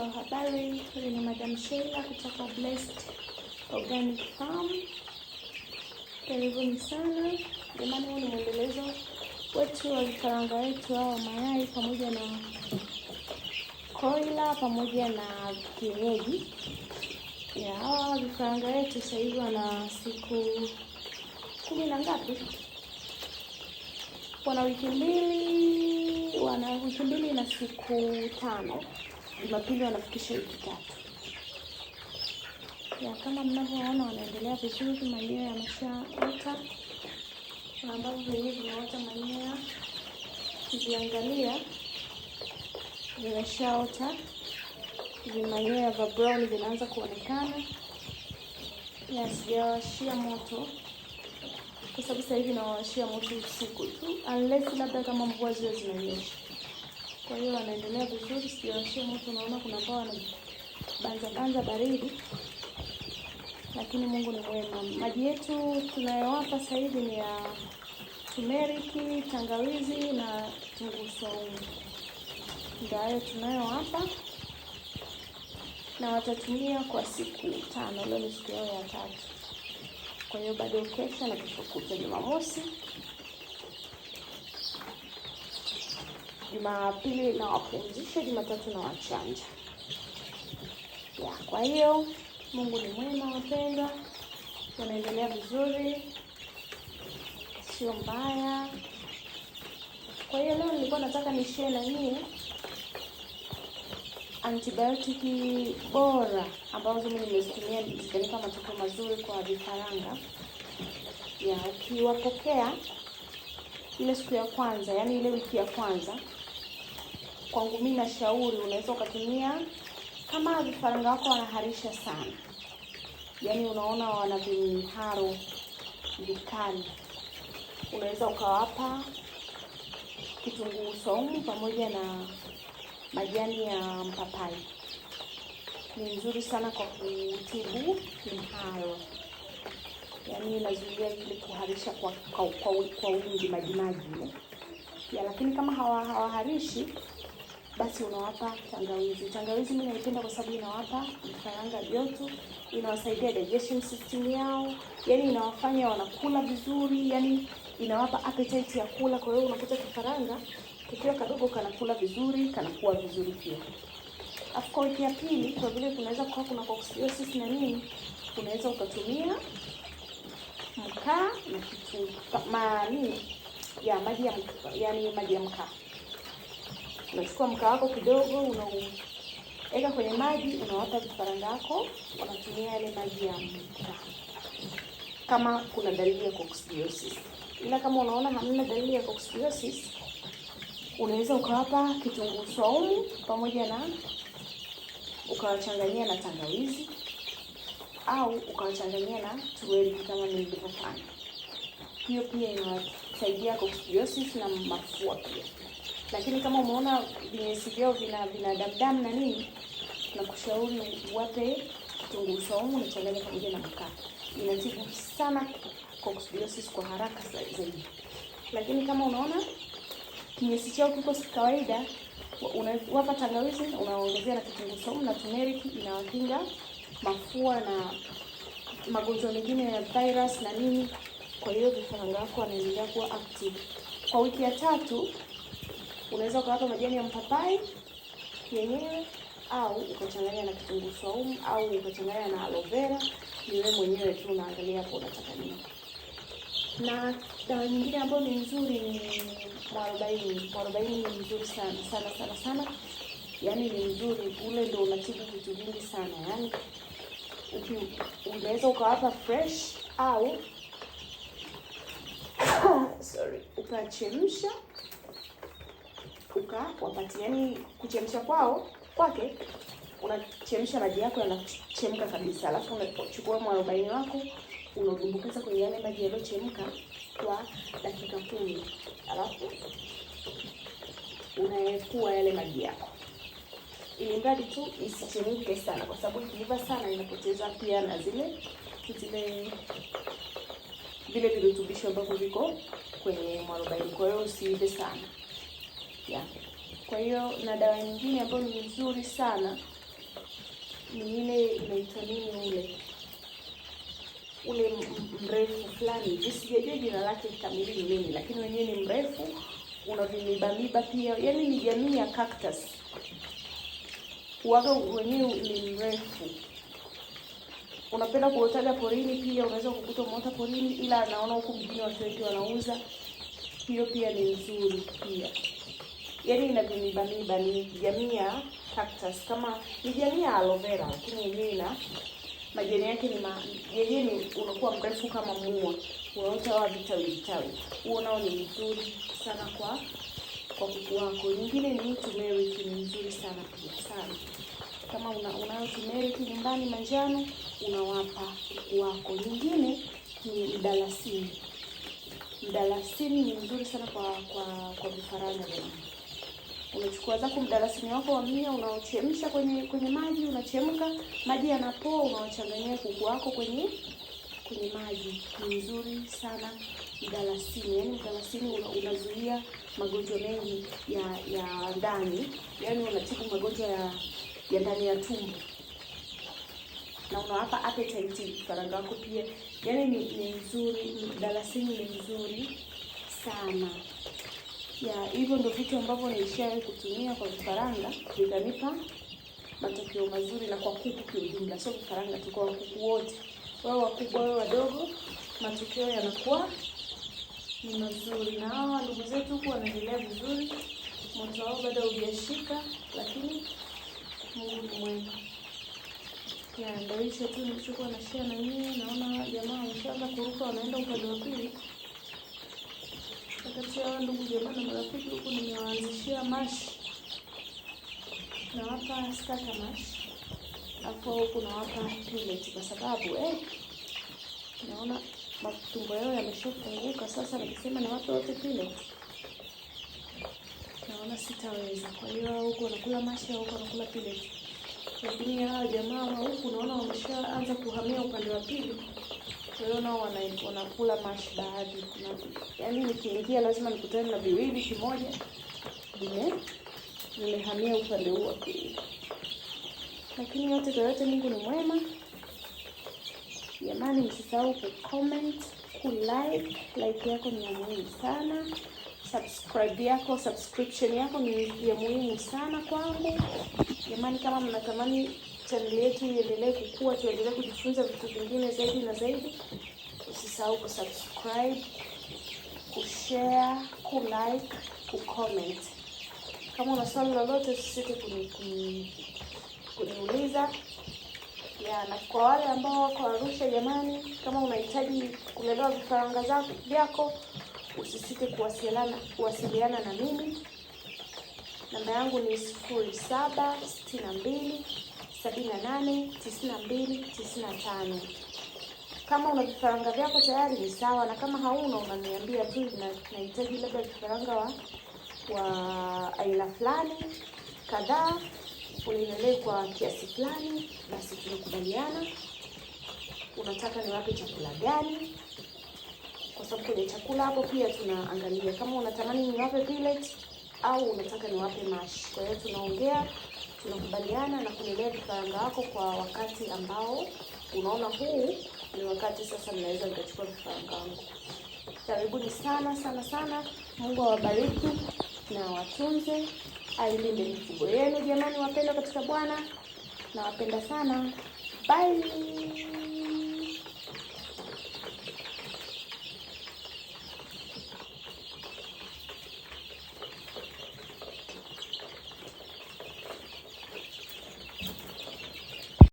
wa habari, huyu ni Madam Sheila kutoka Blessed Organic Farm. Karibuni sana jamani, huu ni mwendelezo wetu wa vifaranga wetu hao mayai pamoja na koila pamoja na kienyeji ya hawa vifaranga wetu. Sasa hivi wana siku kumi na ngapi? Wana wiki mbili, wana wiki mbili na siku tano. Jumapili wanafikisha wiki tatu. Ya kama mnavyoona wanaendelea vizuri, manyoya yameshaota na ambavyo vyenyewe vimeota manyoya, ukiangalia vimeshaota vimanyoya vya brown vinaanza kuonekana. Ya sijawashia moto kwa sababu sasa hivi nawashia moto usiku tu, unless labda kama mvua zile zinanyesha. Kwa hiyo wanaendelea vizuri, sio moto. Unaona kunakuwa wanabanza banza baridi, lakini Mungu ni mwema. Maji yetu tunayowapa sasa hivi ni ya tumeriki, tangawizi na kitunguu saumu, ndio hayo tunayowapa na watatumia kwa siku tano. Leo ni siku yao ya tatu, kwa hiyo bado kesha na kesho kutwa Jumamosi Jumapili na wapumzisha, Jumatatu na wachanja ya. Kwa hiyo Mungu ni mwema, wapendwa, wanaendelea vizuri, sio mbaya. Kwa hiyo leo nilikuwa nataka share na nyinyi antibiotiki bora ambazo mimi nimezitumia zikanipa matokeo mazuri kwa vifaranga ya ukiwapokea ile siku ya kwanza, yaani ile wiki ya kwanza kwangu mimi nashauri unaweza ukatumia kama vifaranga wako wanaharisha sana, yaani unaona wana haro vikali, unaweza ukawapa kitunguu saumu pamoja na majani ya mpapai. Ni nzuri sana kwa kutibu kimharo, yaani inazuia ile kuharisha kwa kwa, kwa, kwa wingi majimaji, lakini kama hawaharishi hawa basi unawapa tangawizi. Tangawizi mimi naipenda kwa sababu inawapa vifaranga joto, inawasaidia digestion system yao, yani inawafanya wanakula vizuri, yani inawapa appetite ya kula. Kwa hiyo unakuta kifaranga kikiwa kadogo kanakula vizuri, kanakuwa vizuri pia. Of course, ya pili, kwa vile kunaweza kuwa kuna coccidiosis na nini, unaweza ukatumia mkaa na kitu ma nini ya maji ya yani maji ya mkaa unachukua mkaa wako kidogo, unaweka kwenye maji, unawapa vifaranga wako, wanatumia yale maji ya mkaa kama kuna dalili ya coccidiosis. Ila kama unaona hamna dalili ya coccidiosis, unaweza ukawapa kitunguu saumu pamoja na ukawachanganyia na tangawizi au ukawachanganyia na tuweri kama nilivyofanya. Hiyo pia inawasaidia coccidiosis na mafua pia lakini kama umeona vinyesi vyao vina vina damdamu na nini, nakushauri wape kitunguu saumu nichanganye pamoja na makaa, Inatibu sana coccidiosis kwa haraka zaidi. Lakini kama unaona kinyesi chao kiko kawaida, unawapa tangawizi, unaongezea na kitunguu saumu na turmeric, inawakinga mafua na magonjwa mengine ya virus na nini. Kwa hiyo vifaranga wako wanaendelea kuwa active kwa wiki ya tatu. Unaweza ukawapa majani ya mpapai yenyewe au ukachanganya na kitunguu saumu au ukachanganya na aloe vera. Ni wewe mwenyewe tu unaangalia hapo unataka nini. Na dawa nyingine ambayo ni nzuri ni mwarobaini. Mwarobaini ni mzuri sana sana sana sana, yaani ni mzuri ule, ndio unatibu vitu vingi sana yaani unaweza ukawapa fresh au sorry, ukachemsha ukawapatia, yani kuchemsha kwao kwake, unachemsha maji yako yanachemka kabisa, alafu unachukua mwarobaini wako unatumbukiza kwenye yale maji yaliyochemka kwa dakika kumi, alafu unayekua yale maji yako, ili mradi tu isichemke sana, kwa sababu ikiiva sana inapoteza pia na zile zile vile virutubisho ambavyo viko kwenye mwarobaini. Kwa hiyo usiive sana yeah. Kwa hiyo na dawa nyingine ambayo ni nzuri sana ni ile inaitwa nini, ule ule mrefu fulani, sijajua jina lake kamili ni nini, lakini wenyewe ni mrefu, una miba pia, yaani ni jamii ya cactus. Uwaga wenyewe ni mrefu, unapenda kuotaga porini pia, unaweza kukuta umeota porini, ila anaona huku mjini watu wengi wanauza hiyo, pia ni nzuri pia yani ina vimiba miba, ni jamii ya cactus, kama ni jamii ya aloe vera, lakini yenyewe ina majani yake ni ma, yenyewe ni unakuwa mrefu kama mua unaota vitawi vitawi, huo nao ni mzuri sana kwa kwa kuku wako. Nyingine ni turmeric, ni nzuri sana pia sana kama una, unayo turmeric nyumbani manjano, unawapa kuku wako. Nyingine ni mdalasini. Mdalasini ni mzuri sana kwa kwa kwa vifaranga jamani. Unachukua zako mdalasini wako wa mia unaochemsha kwenye kwenye maji, unachemka maji yanapoa, unawachanganyia kuku wako kwenye kwenye maji. Ni nzuri sana mdalasini, yaani mdalasini unazuia magonjwa mengi ya ya ndani, yaani unatibu magonjwa ya ya ndani ya tumbo na unawapa appetite karanga wako pia. Yaani ni nzuri, mdalasini ni nzuri sana ya hivyo ndio vitu ambavyo nilishawahi kutumia kwa vifaranga vikanipa matokeo mazuri, na kwa kuku kiujumla, sio vifaranga tu, kwa kuku wote, wao wakubwa wao wadogo, matokeo yanakuwa ni mazuri. Na hawa ndugu zetu huku wanaendelea vizuri, moto wao bado haujashika, lakini Mungu ni mwema. Ndio hicho tu nilichokuwa na share na nyinyi. Naona jamaa wameshaanza kuruka, wanaenda upande wa pili kati ya wao ndugu jamaa na marafiki huku nimewaanzishia mash nawapa starter mash hapo huku nawapa pellet kwa sababu eh, naona matumbo yao yameshafunguka sasa. Nikisema nawapa wote pellet naona sitaweza, kwa hiyo huku wanakula mashi, huku wanakula pellet. Lakini hao jamaa wa huku naona wameshaanza kuhamia upande wa pili. Kwa hiyo nao wanakula mash baadhi. Yaani nikiingia lazima nikutane na viwili, kimoja vime nimehamia upande huu wa pili, lakini yote kwa yote, Mungu ni mwema. Jamani, msisahau ku comment ku like, like yako ni ya muhimu sana. Subscribe yako subscription yako ni ya muhimu sana kwangu. Jamani, kama mnatamani chaneli yetu iendelee kukua, tuendelee kujifunza vitu vingine zaidi na zaidi. Usisahau kusubscribe, kushare, kulike, kucomment. Kama una swali lolote usisite kuniuliza. Ya, na kwa wale ambao wako Arusha, jamani, kama unahitaji kulelewa vifaranga zako vyako, usisite kuwasiliana kuwasiliana na mimi. Namba yangu ni sifuri saba sitini na mbili 78 Kama una vifaranga vyako tayari ni sawa, na kama hauna unaniambia tu, nahitaji labda vifaranga wa wa aina fulani kadhaa uninelee kwa kiasi fulani, basi tunakubaliana unataka niwape chakula gani, kwa sababu kwenye chakula hapo pia tunaangalia kama unatamani niwape pellet au unataka niwape mash. Kwa hiyo tunaongea, tunakubaliana na kulelea vifaranga wako kwa wakati ambao unaona huu ni wakati sasa ninaweza nikachukua vifaranga wangu. Karibuni sana sana sana. Mungu awabariki na watunze ailinde mifugo yenu jamani, wapendwa katika Bwana. Nawapenda sana. Bye.